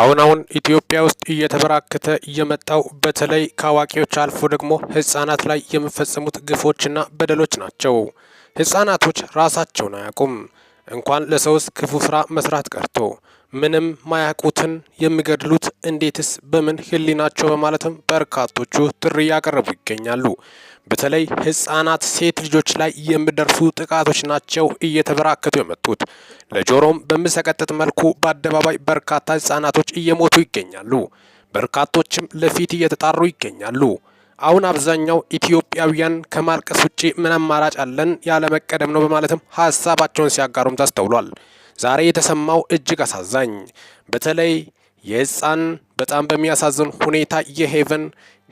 አሁን አሁን ኢትዮጵያ ውስጥ እየተበራከተ እየመጣው በተለይ ከአዋቂዎች አልፎ ደግሞ ህጻናት ላይ የሚፈጸሙት ግፎችና በደሎች ናቸው። ህጻናቶች ራሳቸውን አያውቁም። እንኳን ለሰውስ ክፉ ስራ መስራት ቀርቶ ምንም ማያውቁትን የሚገድሉት እንዴትስ በምን ህሊናቸው በማለትም በርካቶቹ ጥሪ እያቀረቡ ይገኛሉ። በተለይ ህጻናት፣ ሴት ልጆች ላይ የሚደርሱ ጥቃቶች ናቸው እየተበራከቱ የመጡት። ለጆሮም በሚሰቀጥጥ መልኩ በአደባባይ በርካታ ህጻናቶች እየሞቱ ይገኛሉ። በርካቶችም ለፊት እየተጣሩ ይገኛሉ። አሁን አብዛኛው ኢትዮጵያውያን ከማልቀስ ውጪ ምን አማራጭ አለን? ያለመቀደም ነው በማለትም ሀሳባቸውን ሲያጋሩም ተስተውሏል። ዛሬ የተሰማው እጅግ አሳዛኝ በተለይ የህፃን በጣም በሚያሳዝን ሁኔታ የሄቨን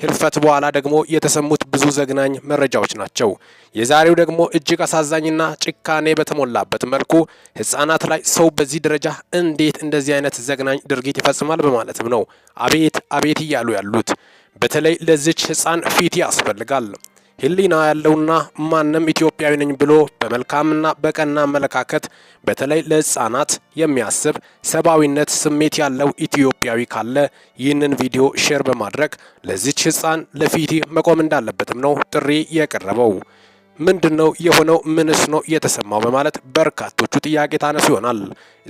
ህልፈት በኋላ ደግሞ የተሰሙት ብዙ ዘግናኝ መረጃዎች ናቸው። የዛሬው ደግሞ እጅግ አሳዛኝና ጭካኔ በተሞላበት መልኩ ህፃናት ላይ ሰው በዚህ ደረጃ እንዴት እንደዚህ አይነት ዘግናኝ ድርጊት ይፈጽማል በማለትም ነው አቤት አቤት እያሉ ያሉት። በተለይ ለዚች ህፃን ፊት ያስፈልጋል። ህሊና ያለውና ማንም ኢትዮጵያዊ ነኝ ብሎ በመልካምና በቀና አመለካከት በተለይ ለህፃናት የሚያስብ ሰብአዊነት ስሜት ያለው ኢትዮጵያዊ ካለ ይህንን ቪዲዮ ሼር በማድረግ ለዚች ህፃን ለፊቲ መቆም እንዳለበትም ነው ጥሪ የቀረበው። ምንድን ነው የሆነው? ምንስ ነው የተሰማው? በማለት በርካቶቹ ጥያቄ ታነሱ ይሆናል።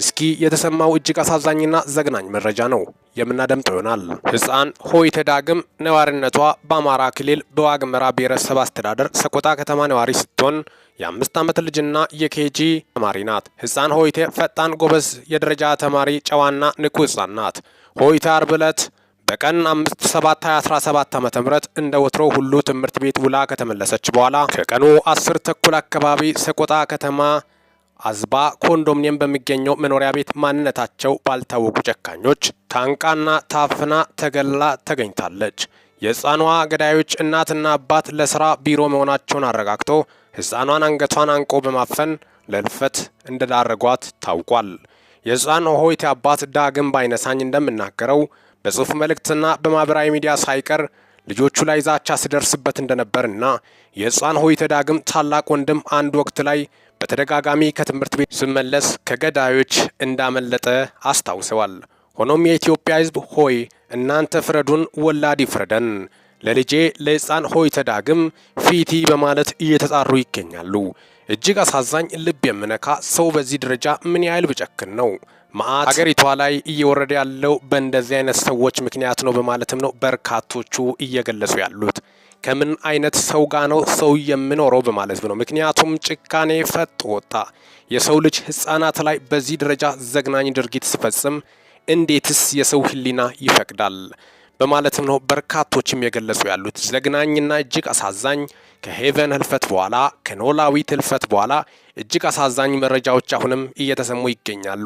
እስኪ የተሰማው እጅግ አሳዛኝና ዘግናኝ መረጃ ነው የምናደምጠው ይሆናል። ህፃን ሆይተ ዳግም ነዋሪነቷ በአማራ ክልል በዋግምራ ብሔረሰብ አስተዳደር ሰቆጣ ከተማ ነዋሪ ስትሆን የአምስት ዓመት ልጅና የኬጂ ተማሪ ናት። ህፃን ሆይቴ ፈጣን ጎበዝ፣ የደረጃ ተማሪ፣ ጨዋና ንቁ ህፃን ናት። ሆይተ አርብ ዕለት በቀን 5 7 2017 ዓ.ም እንደ ወትሮ ሁሉ ትምህርት ቤት ውላ ከተመለሰች በኋላ ከቀኑ 10 ተኩል አካባቢ ሰቆጣ ከተማ አዝባ ኮንዶሚኒየም በሚገኘው መኖሪያ ቤት ማንነታቸው ባልታወቁ ጨካኞች ታንቃና ታፍና ተገላ ተገኝታለች። የህፃኗ ገዳዮች እናትና አባት ለስራ ቢሮ መሆናቸውን አረጋግጦ ህፃኗን አንገቷን አንቆ በማፈን ለልፈት እንደዳረጓት ታውቋል። የህፃን ሆይት አባት ዳግም ባይነሳኝ እንደምናገረው በጽሑፍ መልእክትና በማኅበራዊ ሚዲያ ሳይቀር ልጆቹ ላይ ዛቻ ሲደርስበት እንደነበርና የህፃን ሆይተ ዳግም ታላቅ ወንድም አንድ ወቅት ላይ በተደጋጋሚ ከትምህርት ቤት ስመለስ ከገዳዮች እንዳመለጠ አስታውሰዋል። ሆኖም የኢትዮጵያ ህዝብ ሆይ እናንተ ፍረዱን፣ ወላድ ይፍረደን፣ ለልጄ ለህፃን ሆይተ ዳግም ፊቲ በማለት እየተጣሩ ይገኛሉ። እጅግ አሳዛኝ፣ ልብ የምነካ ሰው በዚህ ደረጃ ምን ያህል ብጨክን ነው ማአት አገሪቷ ላይ እየወረደ ያለው በእንደዚህ አይነት ሰዎች ምክንያት ነው በማለትም ነው በርካቶቹ እየገለጹ ያሉት። ከምን አይነት ሰው ጋ ነው ሰው የሚኖረው በማለት ነው። ምክንያቱም ጭካኔ ፈጥ ወጣ። የሰው ልጅ ህጻናት ላይ በዚህ ደረጃ ዘግናኝ ድርጊት ሲፈጽም እንዴትስ የሰው ህሊና ይፈቅዳል? በማለትም ነው በርካቶችም የገለጹ ያሉት። ዘግናኝና እጅግ አሳዛኝ ከሄቨን ህልፈት በኋላ ከኖላዊት ህልፈት በኋላ እጅግ አሳዛኝ መረጃዎች አሁንም እየተሰሙ ይገኛሉ።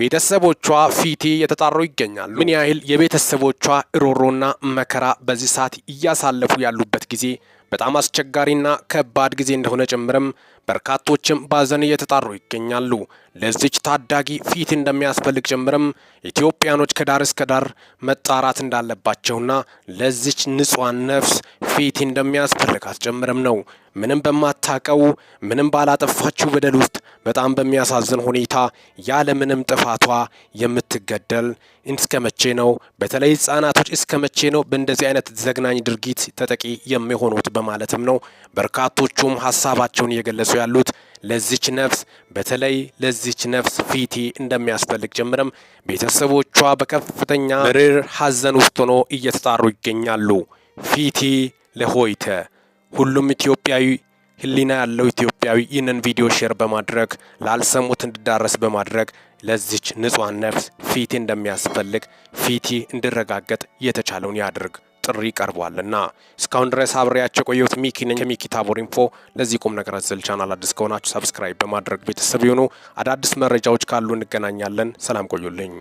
ቤተሰቦቿ ፊቴ የተጣሩ ይገኛሉ። ምን ያህል የቤተሰቦቿ እሮሮና መከራ በዚህ ሰዓት እያሳለፉ ያሉበት ጊዜ በጣም አስቸጋሪና ከባድ ጊዜ እንደሆነ ጭምርም በርካቶችም ባዘን እየተጣሩ ይገኛሉ። ለዚች ታዳጊ ፊት እንደሚያስፈልግ ጭምርም ኢትዮጵያኖች ከዳር እስከ ዳር መጣራት እንዳለባቸውና ለዚች ንጹሐን ነፍስ ፊት እንደሚያስፈልግ ጭምርም ነው ምንም በማታቀው ምንም ባላጠፋችው በደል ውስጥ በጣም በሚያሳዝን ሁኔታ ያለምንም ጥፋቷ የምትገደል እስከ መቼ ነው? በተለይ ህጻናቶች እስከ መቼ ነው በእንደዚህ አይነት ዘግናኝ ድርጊት ተጠቂ የሚሆኑት? በማለትም ነው በርካቶቹም ሀሳባቸውን እየገለጹ ያሉት። ለዚች ነፍስ በተለይ ለዚች ነፍስ ፊቲ እንደሚያስፈልግ ጀምረም ቤተሰቦቿ በከፍተኛ መሪር ሀዘን ውስጥ ሆኖ እየተጣሩ ይገኛሉ። ፊቲ ለሆይተ ሁሉም ኢትዮጵያዊ ህሊና ያለው ኢትዮጵያዊ ይህንን ቪዲዮ ሼር በማድረግ ላልሰሙት እንዲዳረስ በማድረግ ለዚች ንጹሐን ነፍስ ፊቲ እንደሚያስፈልግ ፊቲ እንዲረጋገጥ የተቻለውን ያድርግ ጥሪ ቀርቧልና። እስካሁን ድረስ አብሬያቸው ቆየሁት ሚኪ ነኝ ከሚኪ ታቦር ኢንፎ። ለዚህ ቁም ነገር አዘል ቻናል አዲስ ከሆናችሁ ሰብስክራይብ በማድረግ ቤተሰብ የሆኑ አዳዲስ መረጃዎች ካሉ እንገናኛለን። ሰላም ቆዩልኝ።